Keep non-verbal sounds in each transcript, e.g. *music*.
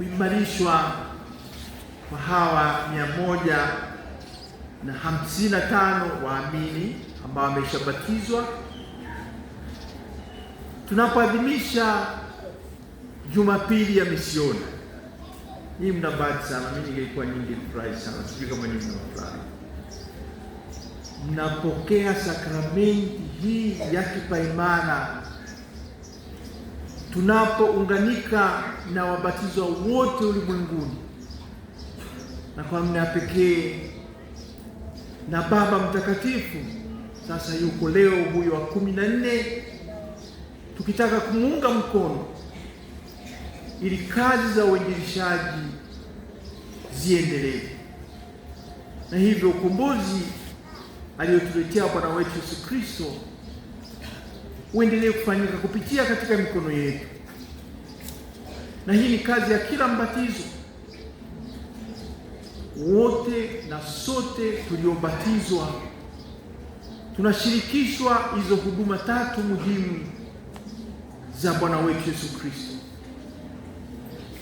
kuimarishwa kwa hawa mia moja na hamsini na tano waamini ambao wameshabatizwa. Tunapoadhimisha Jumapili ya misioni hii, muda mbali sana, mimi nilikuwa nyingi furahi sana, sijui kama nyinyi mnafurahi mnapokea sakramenti hii ya kipaimara tunapounganika na wabatizwa wote ulimwenguni na kwa namna ya pekee na Baba Mtakatifu sasa yuko leo huyo wa kumi na nne, tukitaka kumuunga mkono ili kazi za uinjilishaji ziendelee, na hivyo ukombozi aliyotuletea Bwana wetu Yesu Kristo uendelee kufanyika kupitia katika mikono yetu, na hii ni kazi ya kila mbatizo. Wote na sote tuliobatizwa tunashirikishwa hizo huduma tatu muhimu za Bwana wetu Yesu Kristo.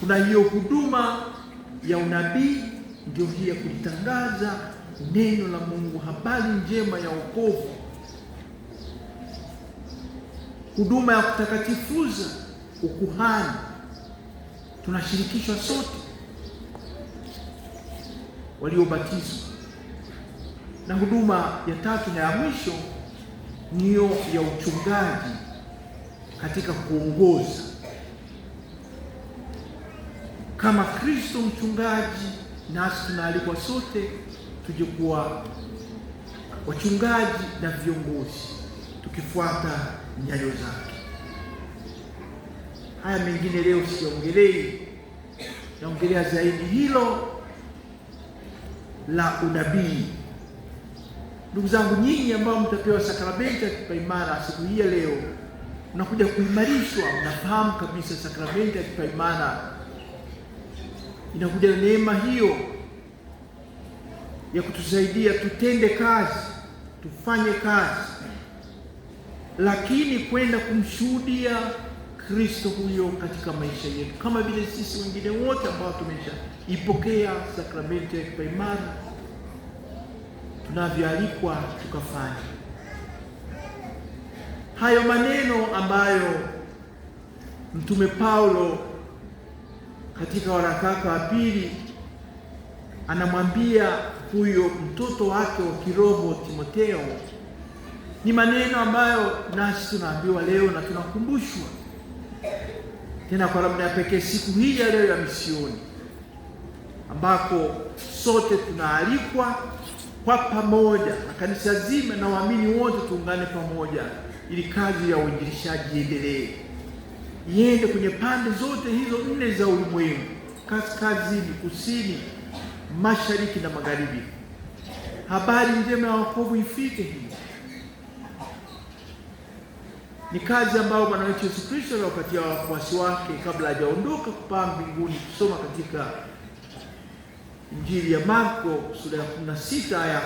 Kuna hiyo huduma ya unabii, ndio hii ya kulitangaza neno la Mungu, habari njema ya wokovu huduma ya kutakatifuza ukuhani, tunashirikishwa sote waliobatizwa. Na huduma ya tatu na ya mwisho niyo ya uchungaji katika kuongoza kama Kristo mchungaji, nasi tunaalikwa sote tuje kuwa wachungaji na viongozi tukifuata nyayo zake. Haya mengine leo siongelei, naongelea zaidi hilo la unabii. Ndugu zangu, nyinyi ambao mtapewa sakramenti ya kipaimara siku hii ya leo, mnakuja kuimarishwa. Mnafahamu kabisa sakramenti ya kipaimara inakuja na neema hiyo ya kutusaidia tutende kazi, tufanye kazi lakini kwenda kumshuhudia Kristo huyo katika maisha yetu, kama vile sisi wengine wote ambao tumeshaipokea sakramenti ya kipaimara tunavyoalikwa tukafanya hayo maneno ambayo Mtume Paulo katika waraka wake wa pili anamwambia huyo mtoto wake wa kiroho Timotheo. Ni maneno ambayo nasi tunaambiwa leo na tunakumbushwa tena kwa namna ya pekee siku hii ya leo ya misioni, ambako sote tunaalikwa kwa pamoja na kanisa zima na waamini wote tuungane pamoja, ili kazi ya uinjilishaji iendelee, iende kwenye pande zote hizo nne za ulimwengu, kaskazini, kusini, mashariki na magharibi. Habari njema ya wokovu ifike hivi ni kazi ambayo Bwana wetu Yesu Kristo aliwapatia wafuasi wake kabla hajaondoka kupaa mbinguni. Kusoma katika Injili ya Marko sura ya 16 aya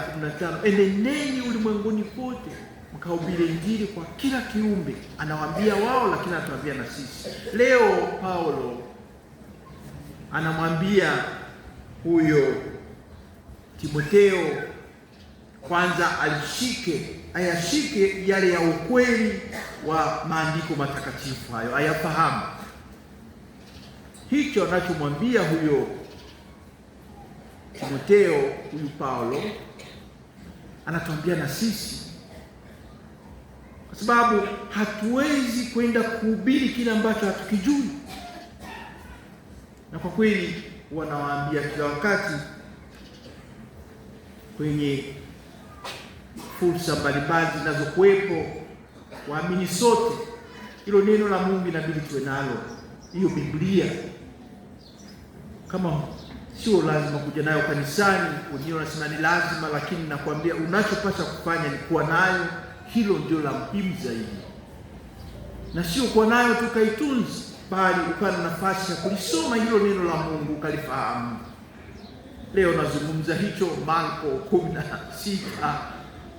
15, eneneni ulimwenguni pote mkahubiri Injili kwa kila kiumbe. Anawaambia wao, lakini anatuambia na sisi leo. Paulo anamwambia huyo Timotheo kwanza alishike ayashike yale ya ukweli wa maandiko matakatifu hayo, ayafahamu. Hicho anachomwambia huyo Timoteo, huyu Paulo anatuambia na sisi, kwa sababu hatuwezi kwenda kuhubiri kile ambacho hatukijui. Na kwa kweli wanawaambia kila wakati kwenye fursa mbalimbali zinazokuwepo. Waamini sote hilo neno la Mungu inabidi tuwe nalo, hiyo Biblia kama sio lazima kuja nayo kanisani. Wengine wanasema ni lazima, lakini nakwambia unachopaswa kufanya ni kuwa nayo. Hilo ndio la muhimu zaidi, na sio kuwa nayo tukaitunzi, bali ukawa na nafasi ya kulisoma hilo neno la Mungu ukalifahamu. Leo nazungumza hicho Marko kumi na sita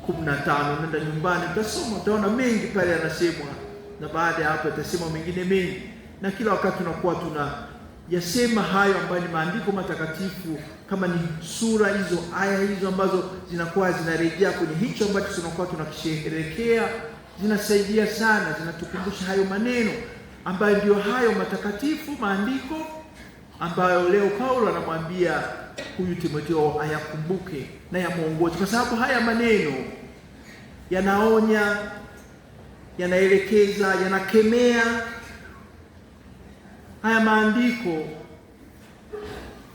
kumi na tano. Nenda nyumbani utasoma, utaona mengi pale yanasemwa, na baada ya hapo itasema mengine mengi, na kila wakati tunakuwa tuna yasema hayo ambayo ni maandiko matakatifu, kama ni sura hizo, aya hizo ambazo zinakuwa zinarejea kwenye hicho ambacho tunakuwa tunakisherehekea, zinasaidia sana, zinatukumbusha hayo maneno ambayo ndio hayo matakatifu maandiko ambayo leo Paulo anamwambia huyu Timotheo ayakumbuke na yamwongoze, kwa sababu haya maneno yanaonya, yanaelekeza, yanakemea. Haya maandiko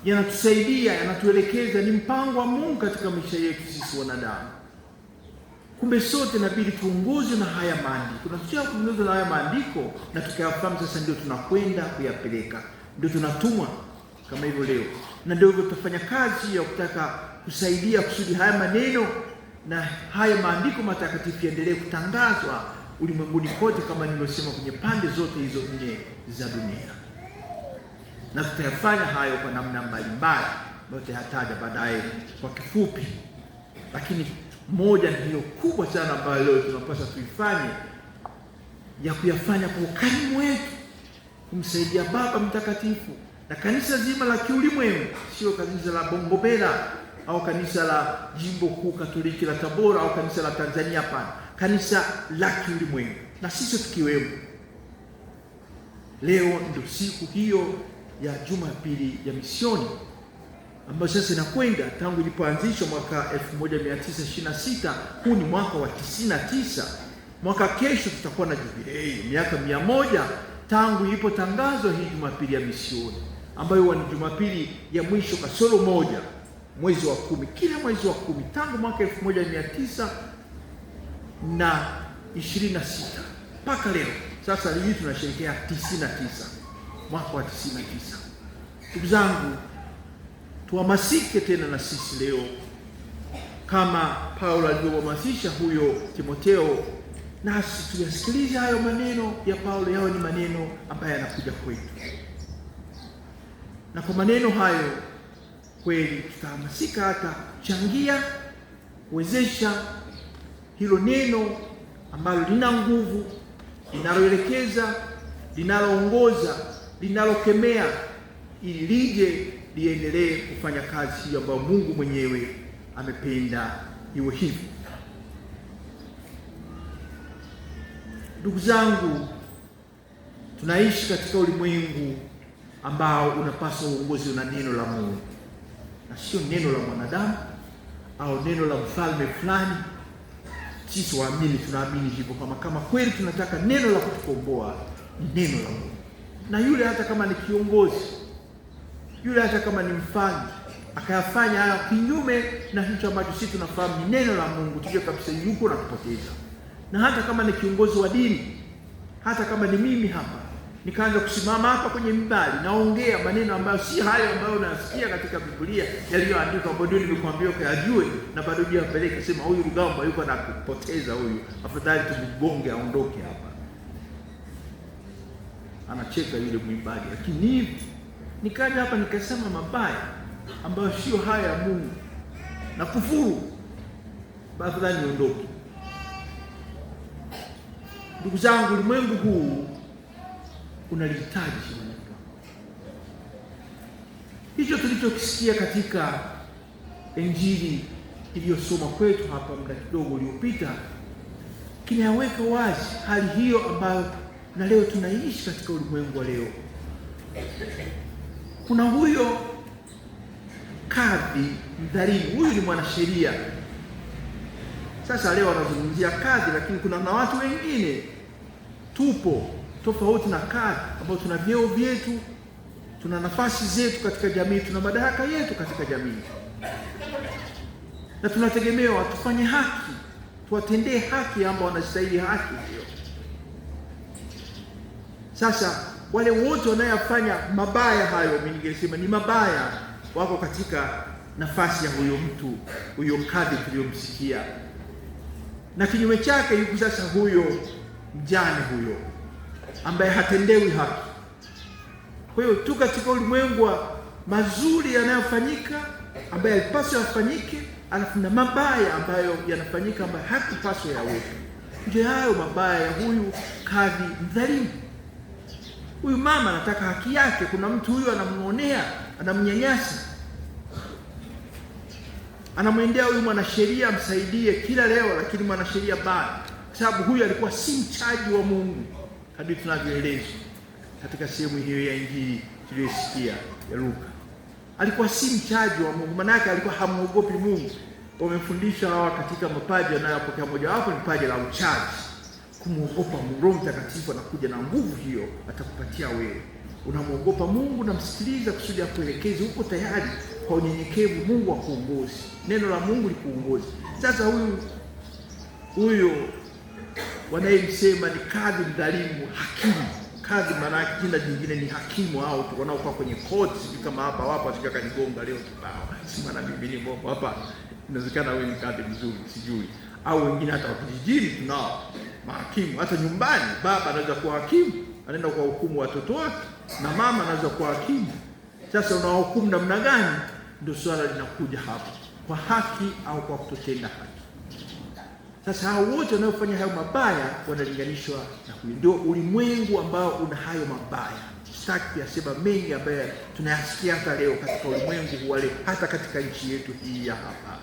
yanatusaidia, yanatuelekeza, ni mpango wa Mungu katika maisha yetu sisi wanadamu. Kumbe sote inabidi tuongozwe na haya maandiko, na tukiongozwa na haya maandiko na tukayafahamu, sasa ndio tunakwenda kuyapeleka, ndio tunatumwa kama hivyo leo na ndio hivyo tutafanya kazi ya kutaka kusaidia kusudi haya maneno na haya maandiko matakatifu yaendelee kutangazwa ulimwenguni kote, kama nilivyosema, kwenye pande zote hizo nne za dunia, na tutayafanya hayo kwa namna mbalimbali ambayo tutayataja baadaye kwa kifupi, lakini moja ndiyo kubwa sana ambayo leo tunapaswa tuifanye ya kuyafanya kwa ukarimu wetu kumsaidia Baba Mtakatifu na kanisa zima la kiulimwengu, sio kanisa la Bongobela au kanisa la jimbo kuu Katoliki la Tabora au kanisa la Tanzania. Hapana, kanisa la kiulimwengu na sisi tukiwemo. Leo ndio siku hiyo ya Jumapili ya misioni ambayo sasa inakwenda tangu ilipoanzishwa mwaka 1926 huu ni mwaka wa 99. Mwaka kesho tutakuwa na jubilei miaka mia moja tangu ilipotangazwa hii Jumapili ya misioni ambayo huwa ni Jumapili ya mwisho kasoro moja mwezi wa kumi, kila mwezi wa kumi tangu mwaka elfu moja mia tisa na ishirini na sita mpaka leo. Sasa hii tunasherehekea 99 mwaka wa 99. Ndugu zangu, tuhamasike tena na sisi leo kama Paulo alivyohamasisha huyo Timotheo, nasi tuyasikilize hayo maneno ya Paulo, yawe ni maneno ambayo yanakuja kwetu. Na kwa maneno hayo kweli tutahamasika hata kuchangia kuwezesha hilo neno ambalo lina nguvu, linaloelekeza, linaloongoza, linalokemea, ili lije liendelee kufanya kazi hiyo ambayo Mungu mwenyewe amependa iwe hivyo. Ndugu zangu, tunaishi katika ulimwengu ambao unapaswa uongozi na neno la Mungu na sio neno la mwanadamu au neno la mfalme fulani. Sisi waamini tunaamini hivyo, kama kama kweli tunataka neno la kutukomboa ni neno la Mungu, na yule hata kama ni kiongozi, yule hata kama ni mfalme akayafanya haya kinyume na hicho ambacho sisi tunafahamu ni neno la Mungu, tujue kabisa yuko na kupoteza. Na hata kama ni kiongozi wa dini, hata kama ni mimi hapa nikaanza kusimama hapa kwenye mbali, naongea maneno ambayo si hayo ambayo unasikia katika Biblia yaliyoandikwa, ambayo ndio nimekuambia ukayajue, na bado hujapeleka. Sema huyu Rugambwa yuko na kupoteza huyu, afadhali tumgonge aondoke hapa. Anacheka yule mwimbaji, lakini hivi nikaja hapa nikasema mabaya ambayo sio haya ya Mungu na kufuru, afadhali niondoke. Ndugu zangu, ulimwengu huu unalihitaji shirika hicho tulichokisikia katika Injili iliyosoma kwetu hapa muda kidogo uliopita kinaweka wazi hali hiyo ambayo na leo tunaishi katika ulimwengu wa leo. Kuna huyo kadhi mdhalimu, huyu ni mwanasheria. Sasa leo anazungumzia kadhi, lakini kuna na watu wengine tupo tofauti na kazi ambayo tuna vyeo vyetu, tuna nafasi zetu katika jamii, tuna madaraka yetu katika jamii, na tunategemewa tufanye haki, tuwatendee haki ambao wanastahili haki hiyo. Sasa wale wote wanayofanya mabaya hayo, mimi ningesema ni mabaya, wako katika nafasi ya huyo mtu, huyo kadhi tuliyomsikia, na kinyume chake yuko sasa huyo mjane huyo ambaye hatendewi haki. Kwa hiyo tu katika ulimwengu wa mazuri yanayofanyika ambayo yalipaswa yafanyike, alafu na mabaya ambayo yanafanyika ambayo hakupaswa yawepo. Ndio hayo mabaya ya huyu kadhi mdhalimu. Huyu mama anataka haki yake, kuna mtu huyu anamuonea anamnyanyasa, anamwendea huyu mwanasheria amsaidie kila leo, lakini mwanasheria bado, kwa sababu huyu alikuwa si mchaji wa Mungu kadri tunavyoelezwa katika sehemu hiyo ya Injili tuliyosikia ya Luka. Alikuwa si mchaji wa Mungu, manake alikuwa hamwogopi Mungu. Wamefundisha hawa katika mapaji wanayopokea, mojawapo ni paji la uchaji, kumwogopa Roho Mtakatifu. Anakuja na nguvu hiyo, atakupatia wewe. Unamwogopa Mungu, namsikiliza kusudi akuelekeze, uko tayari kwa unyenyekevu, Mungu akuongoze, neno la Mungu likuongoze. Sasa huyu huyo wanayemsema ni kadhi mdhalimu, hakimu. Kadhi maana yake jina jingine ni hakimu, au tu wanaokuwa kwenye koti, sijui kama hapa wapo, sijui kanigonga leo kibao, si maana Biblia mbona hapa, inawezekana wewe ni kadhi mzuri, sijui au wengine hata wakijijini tunao mahakimu, hata nyumbani. Baba anaweza kuwa hakimu, anaenda kwa hukumu watoto wake, na mama anaweza kuwa hakimu. Sasa unawahukumu namna gani? Ndio swala linakuja hapa, kwa haki au kwa kutotenda haki. Sasa hao wote wanaofanya hayo mabaya wanalinganishwa na huyu. Ndio ulimwengu ambao una hayo mabaya. Sitaki kuyasema mengi ambayo tunayasikia hata leo katika ulimwengu wale, hata katika nchi yetu hii ya hapa,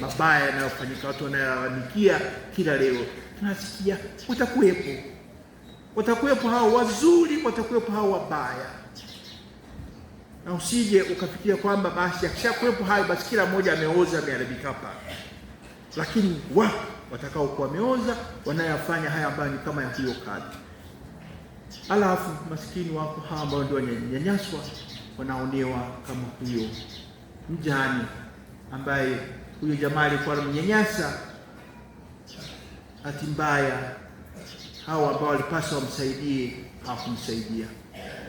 mabaya yanayofanyika, watu wanayalalamikia kila leo, tunasikia. Watakuwepo, watakuwepo hao wazuri, watakuwepo hao wabaya, na usije ukafikiria kwamba basi akishakuwepo hayo basi kila mmoja ameoza, ameharibika hapa, lakini wapo watakaokuwa wameoza wanayafanya haya ambayo ni kama ya hiyo kazi. Alafu maskini wako hawa ambao ndio wanyanyaswa, wanaonewa kama huyo mjane ambaye huyo jamaa alikuwa anamnyanyasa. ati mbaya hao ambao walipaswa wamsaidie hawakumsaidia,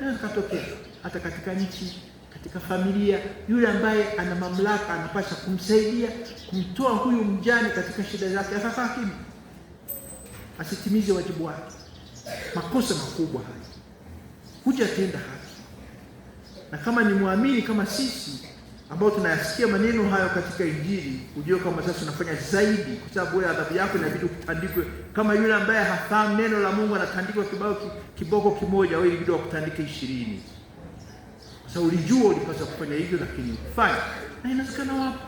na katokea hata katika nchi katika familia. Yule ambaye ana mamlaka anapasha kumsaidia kumtoa huyu mjane katika shida zake. Sasa hakimu asitimize wajibu wake, makosa makubwa haya, hujatenda haki. Na kama ni muamini kama sisi ambao tunayasikia maneno hayo katika Injili, ujue kama sasa tunafanya zaidi, kwa sababu wewe adhabu yako inabidi kutandikwe kama yule ambaye hafahamu neno la Mungu anatandikwa kibao kiboko kimoja, wewe inabidi wakutandike ishirini. Sasa ulijua ulipaswa kufanya hivyo, lakini ukufanya. Na inawezekana wapo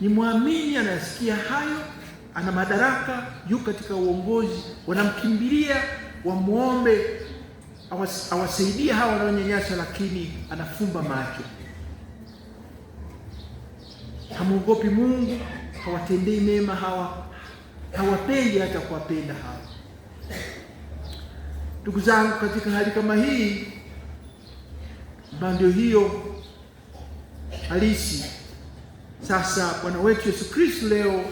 ni mwamini anayasikia hayo, ana madaraka, yu katika uongozi, wanamkimbilia wamwombe awas, awasaidie hawa wanaonyanyasa, lakini anafumba macho, hamwogopi Mungu, hawatendei mema hawa, hawapendi hata kuwapenda hawa. Ndugu zangu, katika hali kama hii na ndio hiyo halisi. Sasa Bwana wetu Yesu Kristo leo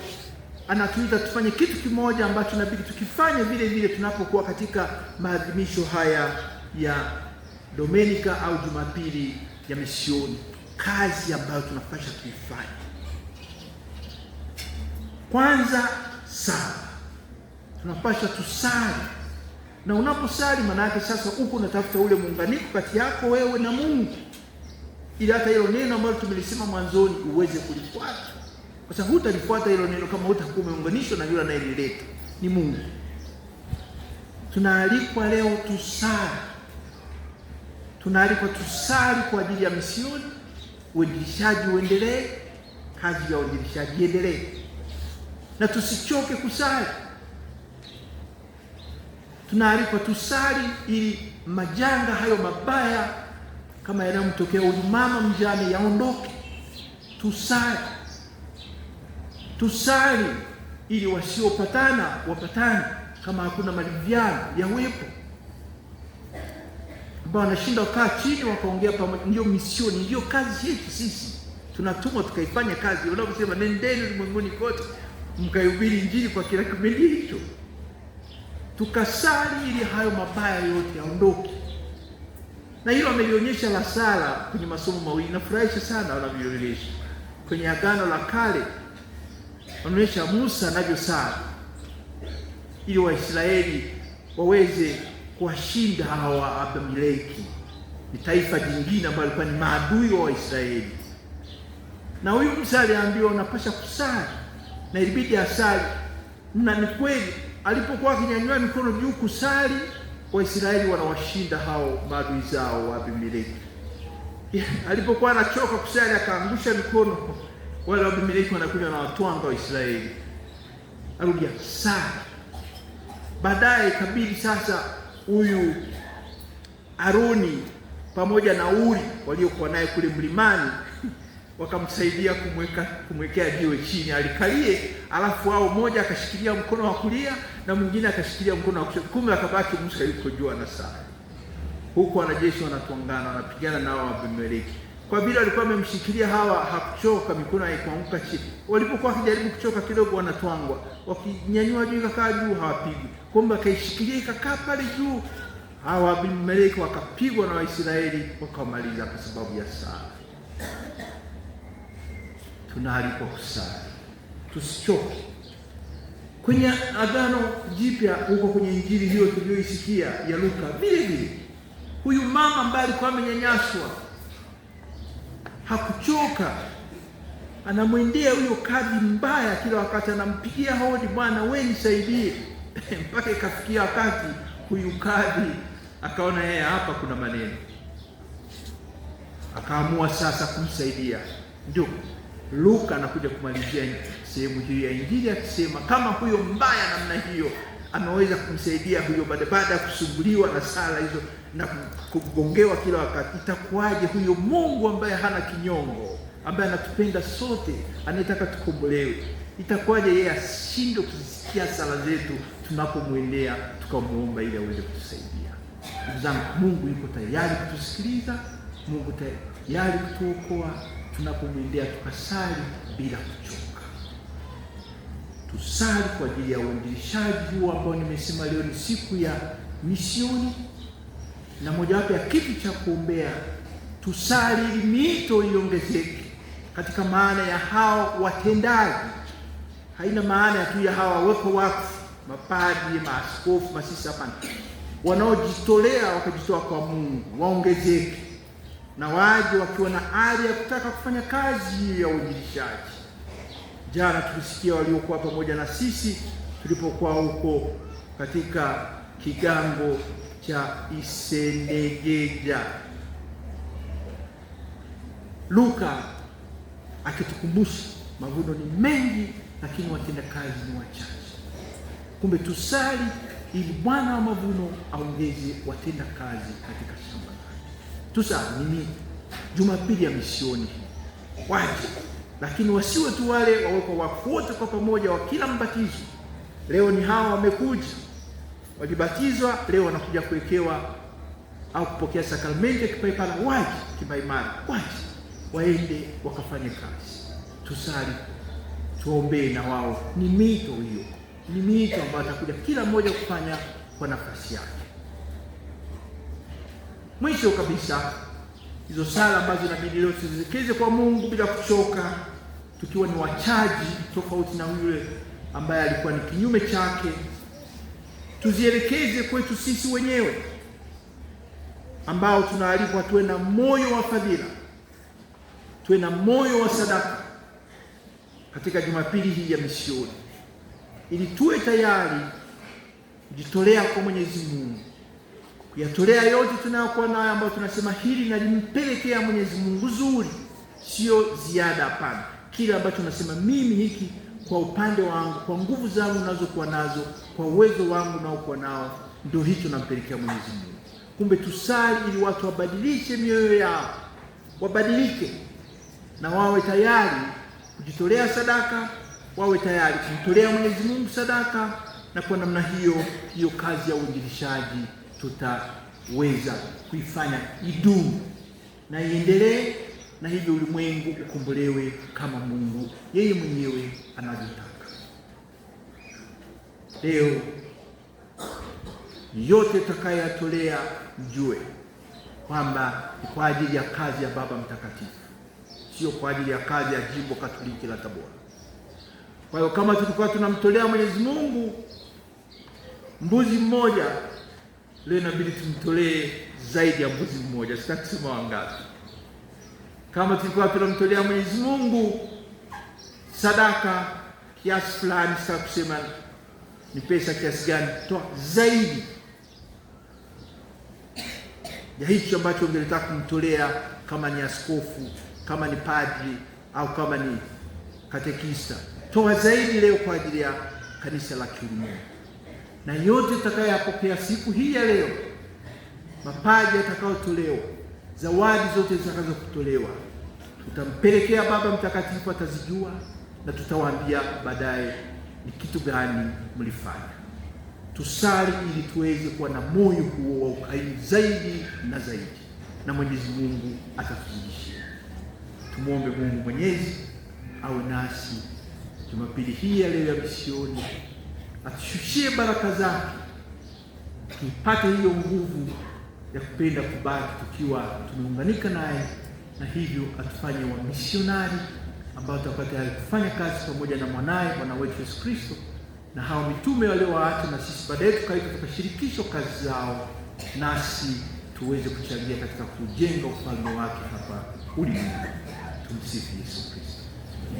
anatuita tufanye kitu kimoja ambacho inabidi tukifanye vile vile tunapokuwa katika maadhimisho haya ya Dominika au Jumapili ya Misioni. Kazi ambayo tunapasha tuifanye kwanza, sala. Tunapasha tusali na unaposali maana yake sasa uko unatafuta ule muunganiko kati yako wewe na Mungu, ili hata hilo neno ambalo tumelisema mwanzoni uweze kulifuata, kwa sababu hutalifuata hilo neno kama hutakuwa umeunganishwa na yule anayelileta ni Mungu. Tunaalikwa leo tusali, tunaalikwa tusali kwa ajili ya misioni, uinjilishaji uendelee, kazi ya uinjilishaji iendelee, na tusichoke kusali tunaalikwa tusali ili majanga hayo mabaya kama yanayomtokea mama mjane yaondoke. Tusali, tusali ili wasiopatana wapatane. Kama hakuna maridhiano yawepo, ambao wanashinda wakaa chini wakaongea pamoja. Ndio misioni, ndio kazi yetu sisi, tunatumwa tukaifanya kazi. Wanaposema nendeni ulimwenguni kote mkaihubiri Injili kwa kila kipindi hicho tukasali ili hayo mabaya yote yaondoke, na hilo amelionyesha la sala kwenye masomo mawili. Nafurahisha sana wanavyoonyesha kwenye Agano la Kale, wanaonyesha Musa anavyosali ili Waisraeli waweze kuwashinda hawa wa Abimeleki, ni taifa jingine ambalo alikuwa ni maadui wa Waisraeli. Na huyu Musa aliambiwa unapasha kusali, na ilibidi asali, na ni kweli alipokuwa akinyanyua mikono juu kusali, Waisraeli wanawashinda hao maadui zao wa Abimeleki. Alipokuwa anachoka kusali, akaangusha mikono, wale Wabimeleki wanakuja na watwanga Waisraeli. Arudia akisali baadaye, ikabidi sasa huyu Aroni pamoja na Uri waliokuwa naye kule mlimani wakamsaidia kumweka kumwekea jiwe chini alikalie, alafu wao mmoja akashikilia mkono wa kulia na mwingine akashikilia mkono wa kushoto, kumbe akabaki Musa yuko juu anasali, huko, wanajeshi wanatuangana wanapigana nao Abimeleki. Kwa vile walikuwa wamemshikilia hawa, hakuchoka, mikono haikuanguka chini. Walipokuwa wakijaribu kuchoka kidogo, wanatwangwa, wakinyanyua juu ikakaa juu, hawapigwi. Kumbe akaishikilia ikakaa pale juu, hawa Abimeleki wakapigwa na Waisraeli, wakamaliza kwa sababu ya sala tunaalikwa kusali, tusichoke. Kwenye Agano Jipya huko kwenye injili hiyo tuliyoisikia ya Luka, vile vile huyu mama ambaye alikuwa amenyanyaswa hakuchoka, anamwendea huyo kadhi mbaya, kila wakati anampigia hodi, Bwana wewe nisaidie, *laughs* mpaka ikafikia wakati huyu kadhi akaona yeye hapa kuna maneno, akaamua sasa kumsaidia ndio Luka anakuja kumalizia sehemu hii ya Injili akisema kama huyo mbaya namna hiyo ameweza kumsaidia huyo baada ya kusumbuliwa na sala hizo na kugongewa kila wakati, itakuwaje huyo Mungu ambaye hana kinyongo, ambaye anatupenda sote, anayetaka tukombolewe, itakuwaje yeye ashindwe kuzisikia sala zetu tunapomwendea tukamwomba ili aweze kutusaidia? Ndugu zangu, Mungu yuko tayari kutusikiliza, Mungu tayari kutuokoa tunapomwendea tukasali bila kuchoka, tusali kwa ajili ya uinjilishaji huo ambao nimesema leo ni siku ya misioni, na mojawapo ya kitu cha kuombea tusali ili miito iongezeke katika maana ya hawa watendaji. Haina maana ya tu ya hawa weko wakfu, mapadi, maaskofu, masisi, hapana, wanaojitolea wakajitoa kwa Mungu waongezeke na waje wakiwa na ari ya kutaka kufanya kazi ya uinjilishaji. Jana tulisikia waliokuwa pamoja na sisi tulipokuwa huko katika kigango cha Isenegeja, Luka akitukumbusha mavuno ni mengi, lakini watenda kazi ni wachache. Kumbe tusali ili Bwana wa mavuno aongeze watenda kazi katika Tusa mimi Jumapili ya misioni waje, lakini wasiwe tu wale wawekwa wakfu wote kwa pamoja wa kila mbatizo. Leo ni hawa wamekuja, walibatizwa, leo wanakuja kuwekewa au kupokea sakramenti ya kipaimara. Waje kipaimara, waje waende wakafanye kazi. Tusali, tuombee na wao. Ni mito hiyo, ni mito ambayo atakuja kila mmoja kufanya kwa nafasi yake. Mwisho kabisa, hizo sala ambazo inabidi leo tuzielekeze kwa Mungu bila kuchoka, tukiwa ni wachaji tofauti na yule ambaye alikuwa ni kinyume chake, tuzielekeze kwetu sisi wenyewe ambao tunaalikwa tuwe na moyo wa fadhila, tuwe na moyo wa sadaka katika Jumapili hii ya misioni, ili tuwe tayari kujitolea kwa Mwenyezi Mungu kuyatolea yote tunayokuwa nayo, ambayo tunasema hili nalimpelekea Mwenyezi Mungu zuri, sio ziada. Hapana, kile ambacho nasema mimi hiki kwa upande wangu, kwa nguvu zangu nazokuwa nazo, kwa uwezo wangu naokuwa nao, ndio hicho nampelekea Mwenyezi Mungu. Kumbe tusali ili watu wabadilishe mioyo yao, wabadilike na wawe tayari kujitolea sadaka, wawe tayari kumtolea Mwenyezi Mungu sadaka, na kwa namna hiyo hiyo kazi ya uinjilishaji tutaweza kuifanya idumu na iendelee, na hivyo ulimwengu ukombolewe kama Mungu yeye mwenyewe anavyotaka. Leo yote tutakayoyatolea mjue kwamba ni kwa ajili ya kazi ya Baba Mtakatifu, sio kwa ajili ya kazi ya jimbo Katoliki la Tabora. Kwa hiyo kama tulikuwa tunamtolea Mwenyezi Mungu mbuzi mmoja leo inabidi tumtolee zaidi ya mbuzi mmoja, sitaki kusema wangapi. Kama tulikuwa tunamtolea Mwenyezi Mungu sadaka kiasi fulani, sitaki kusema ni pesa kiasi gani, toa zaidi ya hicho ambacho ungelitaka kumtolea, kama ni askofu, kama ni padri au kama ni katekista, toa zaidi leo kwa ajili ya kanisa la kiulimwengu na yote tutakayoyapokea siku hii ya leo, mapaji yatakayotolewa, zawadi zote zitakazotolewa, tutampelekea Baba Mtakatifu, atazijua na tutawaambia baadaye ni kitu gani mlifanya. Tusali ili tuweze kuwa na moyo huo wa ukarimu zaidi na zaidi, na Mwenyezi Mungu atatuzidishia. Tumwombe Mungu Mwenyezi awe nasi Jumapili hii ya leo ya misioni atushushie baraka zake, tuipate hiyo nguvu ya kupenda kubaki tukiwa tumeunganika naye, na hivyo atufanye wamisionari ambao tutakuwa tayari kufanya kazi pamoja na mwanaye Bwana wetu Yesu Kristo na hawa mitume waliowaacha na sisi baadaye tukaitwa tukashirikishwa kazi zao, nasi tuweze kuchangia katika kujenga ufalme wake hapa ulimwenguni. Tumsifu Yesu Kristo.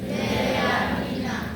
Yeah, yeah.